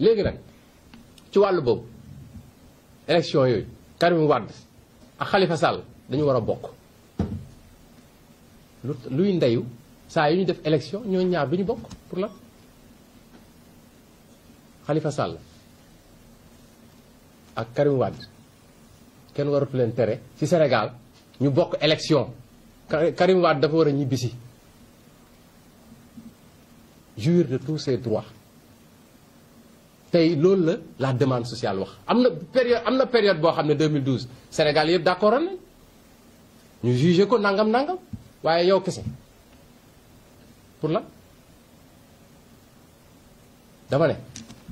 léegi nag ci walu boobu élection yoy Karim Wade ak Khalifa Sall dañu wara bok luy ndeyu sa yu ñu def élection ñoo ñaar bi bok pour la Khalifa Sall ak Karim Wade ken waru leen téré ci Sénégal ñu bok élection Karim Wade dafa wara ñibisi ñibbisi de tous ses droits tey l'ol la la demande sociale wax am na période am na période boo xam ne 2012 Sénégal yëpp d'accord nañ ñu jugé ko nangam nangam waaye yow kese pour la dama ne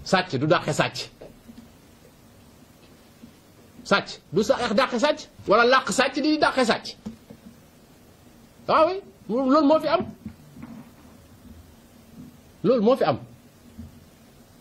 sàcc du dàqe sàcc sàcc du sa dàqe sàcc wala làq sàcc di dàqe sàcc waaw ah oui loolu moo fi am loolu moo fi am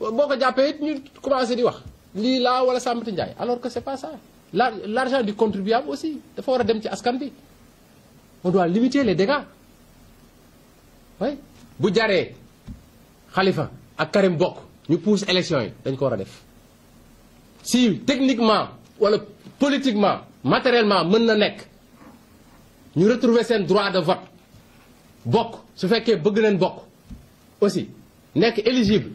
boo ko jàppee it ñu commencé di wax lii la wala Sambati Ndiaye alors que c'est pas ça la l'argent du contribuable aussi dafa war a dem ci askan bi on doit limiter les dégâts oui bu jaree xalifa ak Karim bokk ñu pousse élection yi dañ ko war a def si techniquement wala politiquement matériellement mën na nekk ñu retrouver seen droit de vote bokk su fekkee bëgg neen bokk aussi nekk éligible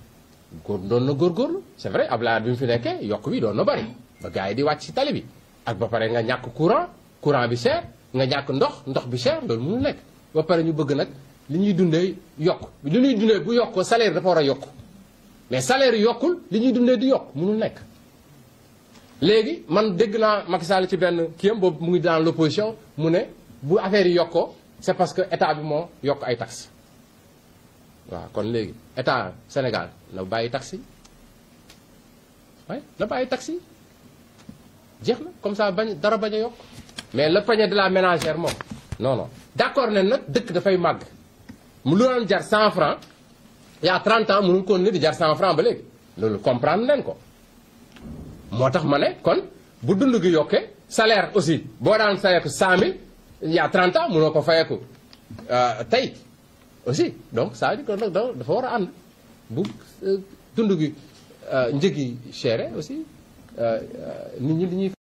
góor doon na góorgóorlu c'est vrai Abdoulaye bi mu fi nekkee yokk bi doon na bari ba gaay yi di wacc ci tali bi ak ba pare nga ñàkk courant courant bi cher nga ñàkk ndox ndox bi cher loolu mënul nekk ba pare ñu bëgg nag li ñuy dundee yokk li ñuy dundee bu yokkoo salaire dafa war a yokk mais salaire yokkul li ñuy dundee di yokk mënul nekk léegi man dégg naa Macky Sall ci benn kiyam boobu mu ngi dans l'opposition mu ne bu affaire yi yokkoo c'est parce que état bi moo yokk ay taxes waaw kon léegi état Sénégal la baye taxi waaye la baye taxi jeex comme ça dara bañ yok. mais le panier de la ménagère moom non non d'accord ne nag dëkk que màgg mu lu doon jar 100 francs il y a 30 ans mënul continuer di jar 100 francs ba le comprendre nañ ko moo tax kon bu dund gi salaire aussi boo daan 100 100000 il y a 30 ans mënoo ko Euh, tey aussi donc ça veut dire da nag dafa war a ànd bu euh, dund gi euh, njëg yi chéré aussi euh, nit ñi li ñuy